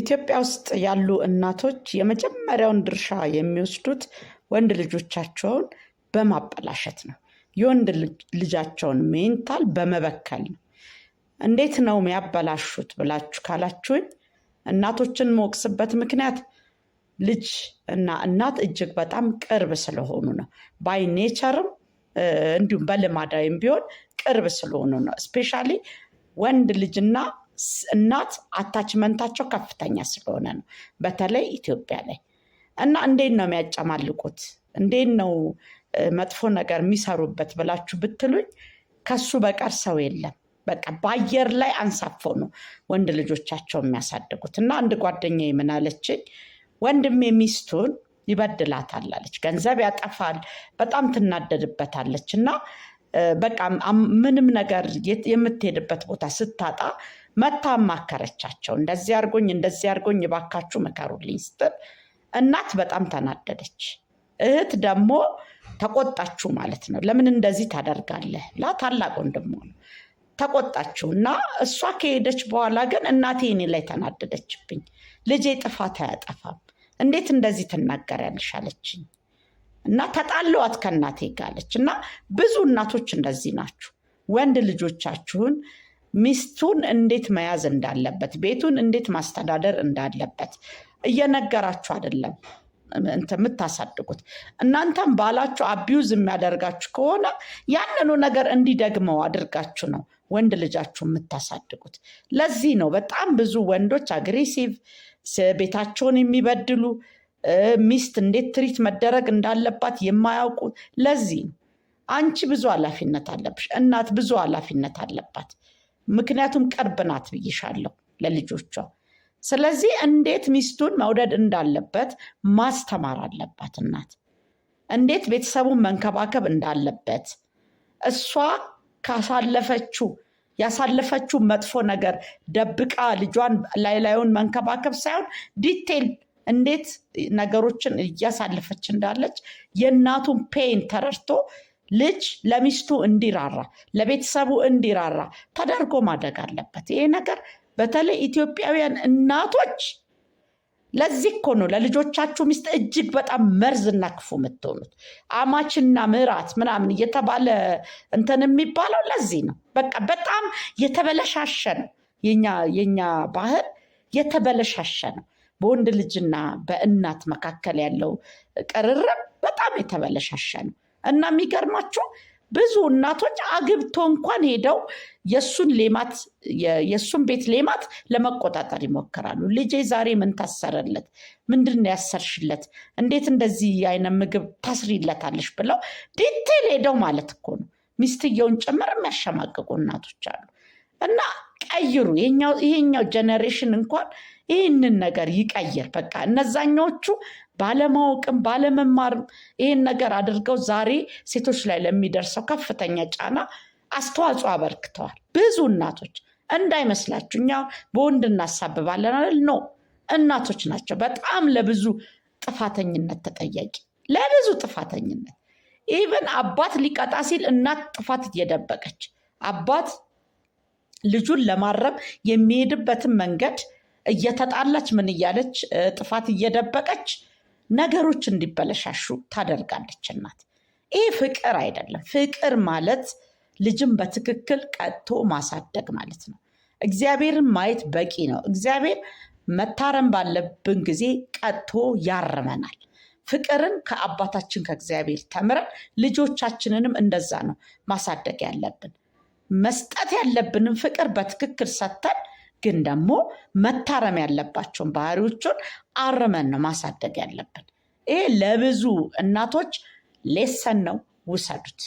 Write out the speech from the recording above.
ኢትዮጵያ ውስጥ ያሉ እናቶች የመጀመሪያውን ድርሻ የሚወስዱት ወንድ ልጆቻቸውን በማበላሸት ነው። የወንድ ልጃቸውን ሜንታል በመበከል ነው። እንዴት ነው የሚያበላሹት ብላችሁ ካላችሁኝ እናቶችን መወቅስበት ምክንያት ልጅ እና እናት እጅግ በጣም ቅርብ ስለሆኑ ነው። ባይ ኔቸርም እንዲሁም በልማዳዊም ቢሆን ቅርብ ስለሆኑ ነው። ስፔሻሊ ወንድ ልጅና እናት አታችመንታቸው ከፍተኛ ስለሆነ ነው። በተለይ ኢትዮጵያ ላይ እና እንዴት ነው የሚያጨማልቁት? እንዴት ነው መጥፎ ነገር የሚሰሩበት ብላችሁ ብትሉኝ ከሱ በቀር ሰው የለም። በቃ በአየር ላይ አንሳፎ ነው ወንድ ልጆቻቸው የሚያሳድጉት። እና አንድ ጓደኛ ምን ወንድም የሚስቱን ይበድላታል አለች። ገንዘብ ያጠፋል፣ በጣም ትናደድበታለች እና በቃ ምንም ነገር የምትሄድበት ቦታ ስታጣ መታ ማከረቻቸው። እንደዚህ አድርጎኝ እንደዚህ አድርጎኝ ባካችሁ ምከሩልኝ ስትል እናት በጣም ተናደደች። እህት ደግሞ ተቆጣችሁ ማለት ነው። ለምን እንደዚህ ታደርጋለህ? ላ ታላቅ ወንድሞ ነው ተቆጣችሁ እና እሷ ከሄደች በኋላ ግን እናቴ እኔ ላይ ተናደደችብኝ። ልጄ ጥፋት አያጠፋም እንዴት እንደዚህ ትናገሪያለሽ አለችኝ። እና ተጣለዋት ከእናቴ ጋለች እና ብዙ እናቶች እንደዚህ ናችሁ። ወንድ ልጆቻችሁን ሚስቱን እንዴት መያዝ እንዳለበት፣ ቤቱን እንዴት ማስተዳደር እንዳለበት እየነገራችሁ አይደለም የምታሳድጉት። እናንተም ባላችሁ አቢዩዝ የሚያደርጋችሁ ከሆነ ያንኑ ነገር እንዲደግመው አድርጋችሁ ነው ወንድ ልጃችሁ የምታሳድጉት። ለዚህ ነው በጣም ብዙ ወንዶች አግሬሲቭ ቤታቸውን የሚበድሉ ሚስት እንዴት ትሪት መደረግ እንዳለባት የማያውቁ ለዚህ ነው አንቺ ብዙ ኃላፊነት አለብሽ። እናት ብዙ ኃላፊነት አለባት። ምክንያቱም ቅርብ ናት ብይሻለሁ ለልጆቿ። ስለዚህ እንዴት ሚስቱን መውደድ እንዳለበት ማስተማር አለባት እናት። እንዴት ቤተሰቡን መንከባከብ እንዳለበት እሷ ካሳለፈችው ያሳለፈችው መጥፎ ነገር ደብቃ ልጇን ላይ ላዩን መንከባከብ ሳይሆን ዲቴል እንዴት ነገሮችን እያሳለፈች እንዳለች የእናቱን ፔን ተረድቶ ልጅ ለሚስቱ እንዲራራ ለቤተሰቡ እንዲራራ ተደርጎ ማደግ አለበት። ይሄ ነገር በተለይ ኢትዮጵያውያን እናቶች ለዚህ እኮ ነው ለልጆቻችሁ ሚስት እጅግ በጣም መርዝና ክፉ የምትሆኑት። አማችና ምራት ምናምን እየተባለ እንትን የሚባለው ለዚህ ነው። በቃ በጣም የተበለሻሸ ነው የኛ ባህል የተበለሻሸ ነው። በወንድ ልጅና በእናት መካከል ያለው ቅርርብ በጣም የተበለሻሸ ነው እና የሚገርማችሁ ብዙ እናቶች አግብቶ እንኳን ሄደው የእሱን ሌማት የእሱን ቤት ሌማት ለመቆጣጠር ይሞክራሉ። ልጄ ዛሬ ምን ታሰረለት? ምንድን ያሰርሽለት? እንዴት እንደዚህ አይነት ምግብ ታስሪለታለሽ? ብለው ዲቴል ሄደው ማለት እኮ ነው ሚስትየውን ጭምር የሚያሸማቅቁ እናቶች አሉ እና ይቀይሩ። ይሄኛው ጀኔሬሽን እንኳን ይህንን ነገር ይቀይር። በቃ እነዛኞቹ ባለማወቅም ባለመማርም ይህን ነገር አድርገው ዛሬ ሴቶች ላይ ለሚደርሰው ከፍተኛ ጫና አስተዋጽኦ አበርክተዋል። ብዙ እናቶች እንዳይመስላችሁ እኛ በወንድ እናሳብባለን አይደል? ኖ እናቶች ናቸው በጣም ለብዙ ጥፋተኝነት ተጠያቂ፣ ለብዙ ጥፋተኝነት ኢቨን አባት ሊቀጣ ሲል እናት ጥፋት እየደበቀች አባት ልጁን ለማረም የሚሄድበትን መንገድ እየተጣላች ምን እያለች ጥፋት እየደበቀች ነገሮች እንዲበለሻሹ ታደርጋለች እናት። ይህ ፍቅር አይደለም። ፍቅር ማለት ልጅን በትክክል ቀጥቶ ማሳደግ ማለት ነው። እግዚአብሔርን ማየት በቂ ነው። እግዚአብሔር መታረም ባለብን ጊዜ ቀጥቶ ያርመናል። ፍቅርን ከአባታችን ከእግዚአብሔር ተምረን ልጆቻችንንም እንደዛ ነው ማሳደግ ያለብን። መስጠት ያለብንን ፍቅር በትክክል ሰጥተን ግን ደግሞ መታረም ያለባቸውን ባህሪዎቹን አርመን ነው ማሳደግ ያለብን። ይሄ ለብዙ እናቶች ሌሰን ነው፣ ውሰዱት።